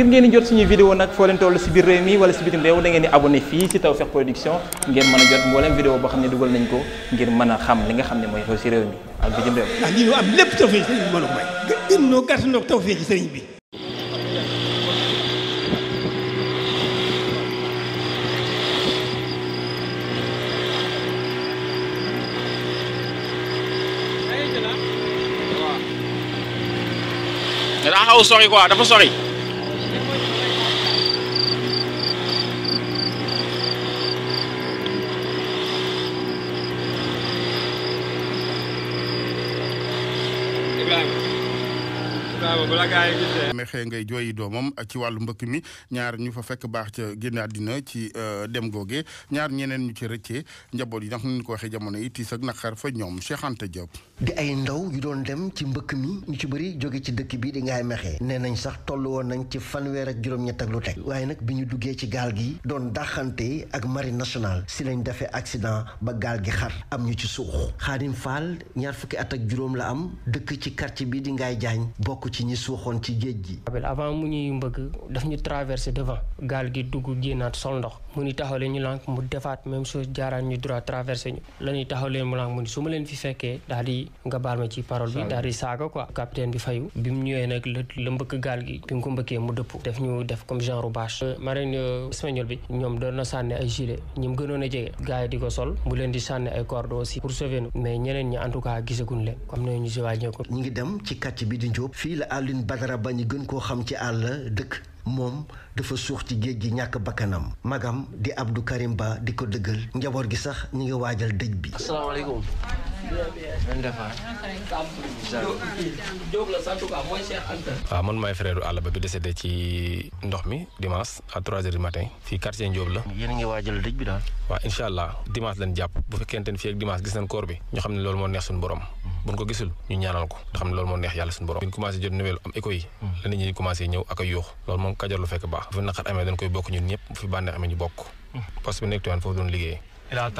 ngir ngeen di jot suñuy vidéo nag foo leen biir réew mi wala si bitim réew da ngeen si Tawfekh Production ngeen mën a jot mboolem vidéo boo xam ne nañ ko ngir mën a xam li nga xam ne mooy xew si réew ñu ah, lépp tawfeex sëriñ bi mën a may. gën bi. dafa xaw sori quoi dafa sori. ko bu la gaa yi gisee. mexe ngay jooyi doomam ci wàllu mbëkk mi ñaar ñu fa fekk baax ca génn àddina ci euh, dem googe ñaar ñeneen ñu ci rëccee njaboot yi ndax ñu ko waxee jamono yi tiis ak naqar fa ñoom Cheikh Anta Diop. ay ndaw yu doon dem ci mbëkk mi ñu ci bëri jóge ci dëkk bi di ngaay mexe nee nañ sax toll woon nañ ci fanweer ak juróom-ñett ak lu teg waaye nag bi ñu duggee ci gaal gi doon daxante ak mari national si lañ defee accident ba gaal gi xar am ñu ci suux Xaadim Fall ñaar fukki at ak juróom la am dëkk ci quartier bi ci ñi suuxoon ci géej gi. avant mu ñuy mbëgg daf ñu traversé devant gaal gi dugg génnaat sol ndox mu ni taxaw leen ñu lànk mu defaat même chose jaaraan ñu droit traversé ñu la ma leen fi fekkee daal di nga baal ma ci parole bi daal saaga quoi capitaine bi fayu bi mu ñëwee nag la mbëkk gaal gi bi mu ko mbëkkee mu dëpp def ñu def comme genre bâche euh, marine euh, espagnol bi ñoom doon na sànni ay gilet ñi mu a jege gars di ko sol mu leen di sànni ay corde aussi pour sauver mais ñeneen ñi en tout leen comme Alioune Badara ba ñu gën koo xam ci àll dëkk moom dafa suux ci géej gi ñàkk bakkanam magam di Abdou Karim Ba di ko dëggal njaboot gi sax ñu ngi waajal dëj bi asalaamaaleykum waaw ah, man maay frère àll ba bi décédé ci ndox mi dimanche à trois heures du matin fii quartier Ndiob la. yéen allah dimanche lañ jàpp bu fekkente ne fii dimanche gis nañ koor bi ñu xam ne loolu moo neex suñu borom. buñ ko gisul ñu ñaanal ko nga xam ne loolu moo neex yàlla suñu borom. biñ commencé jot nouvelle am écho yi. Hmm. la nit ñi commencé ñëw ak yuux loolu moom kajoor lu fekk baax. bu fi naqar amee dañ koy bokk ñun ñëpp bu fi bànneex il a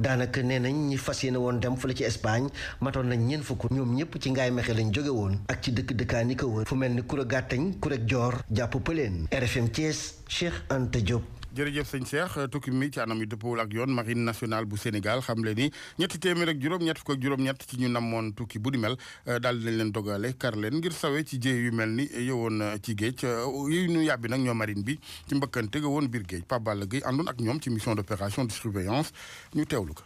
daanaka nee nañ ñi fas yéene woon dem fu la ci Espagne matoon nañ ñeent fukk ñoom ñëpp ci ngay mexe lañu jóge woon ak ci dëkk dëkkaan yi ko wër fu mel ni Koura Gàttañ Koura Joor jàpp Pëleen RFM Thiès Cheikh Anta Diop. jërëjëf sëñ Cheikh tukki mi ci anam yu dëppoowul ak yoon marine nationale bu Sénégal xam le ni ñetti téeméer ak juróom ñett fukk ak juróom-ñett ci ñu namoon tukki bu dimel mel euh, daal dinañ leen dogale kar leen ngir sawee ci jéey yu mel ni yowoon euh, ci géej yooyu euh, ñu yàbbi nag ñoo marine bi ci mbëkkante tege woon biir géej Pape Balla Gueye àndoon ak ñoom ci mission d'opération de surveillance ñu teewlu ko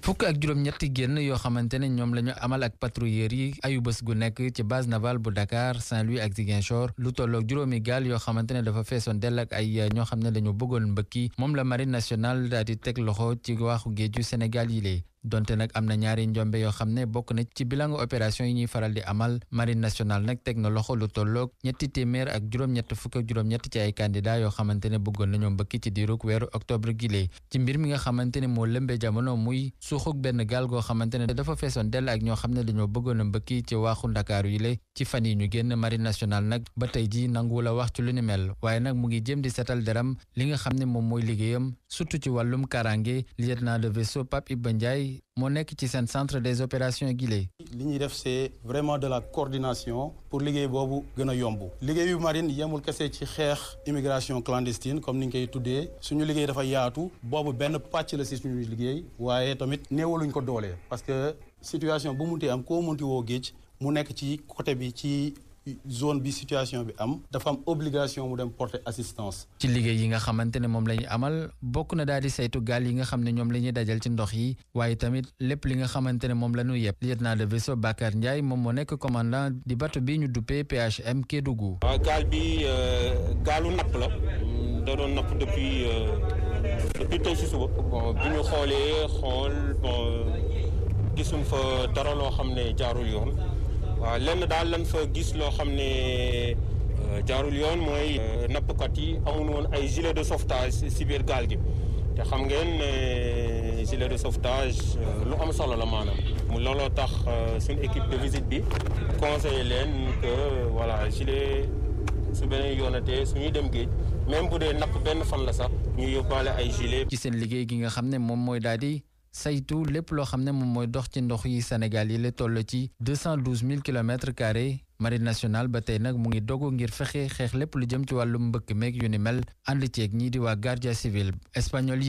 fukk ak juróom-ñetti génn yoo xamante ne ñoom la ñu amal ak patrouilleurs yi ayu bés gu nekk ci base navale bu Dakar Saint-Louis ak Ziguinchor lu tolloog juróomi gaal yoo xamante ne dafa feesoon dell ak ay ñoo xam ne dañu bëggoon mbëkki moom la marine nationale daal di teg loxo ci waaxu géeju Sénégal yi lay donte nag am na ñaari njombe yoo xam ne bokk na ci bilangu opération yi ñuy faral di amal mari national nag teg na loxo lu tolloog ñetti téeméer ak juróom-ñett fukk ak juróom-ñett ci ay candidat yoo xamante ne bëggoon nañoo mbëkki ci diirug weeru octobre gile ci mbir mi nga xamante ne moo lëmbe jamono muy suuxuk benn gaal goo xamante ne dafa feesoon dell ak ñoo xam ne dañoo bëggoon a mbëkki ci waaxu ndakaaru yi le ci fan yi ñu génn marine nationale nag ba tey ji nanguwul a wax ci lu ni mel waaye nag mu ngi jëm di setal deram li nga xam ne moom mooy liggéeyam surtout ci wàllum karange lieutenant de vaisseau Pape Iba Ndiaye moo nekk ci seen centre des opérations Guilé. li ñuy def c'est vraiment de la coordination pour liggéey boobu gën a yomb liggéeyu marine yemul kese ci xeex immigration clandestine comme ni ñu koy tuddee suñu liggéey dafa yaatu boobu benn pàcc la si suñu liggéey waaye tamit néewaluñ ko doolee parce que situation bu munti am koo munti woo géej mu nekk ci côté bi ci. zone bi situation bi am dafa am obligation mu dem porter assistance. ci liggéey yi nga xamante ne moom la ñu amal bokk na daal di saytu gaal yi nga xam ne ñoom la ñuy dajal ci ndox yi waaye tamit lépp li nga xamante ne moom la ñu yeb naa de vaisseau Bakar njaay moom moo nekk commandant di bateau bi ñu duppee PHM Kédougou. waaw gaal bi euh, gaalu napp la mm, da doon napp depuis euh, depuis tey si suba. bi ñu xoolee xool bon gisum fa dara loo xam ne jaarul yoon. waaw lenn daal lan fa gis loo xam ne euh, jaarul yoon mooy euh, nappkat yi amul woon ay gile de sauvetage si biir gaal gi te xam ngeen ne euh, gilet de sauvetage lu am solo la maanaam mu looloo tax suñu équipe de visite bi conseillé leen que voilà gilet su beneen su suñuy dem géej même bu dee napp benn fan la sax ñu yóbbaale ay gilet. ci seen liggéey gi nga xam ne moom mooy daal di saytu lépp loo xam ne moom mooy dox ci ndox yi Sénégal yi la toll ci 212 000 kilomètres carrés marine nationale ba tey nag mu ngi dogu ngir fexe xeex lépp lu jëm ci wàllu mbëkk meeg yu ni mel ànd ceeg ñii di waa Guardia Civil espagnol yi.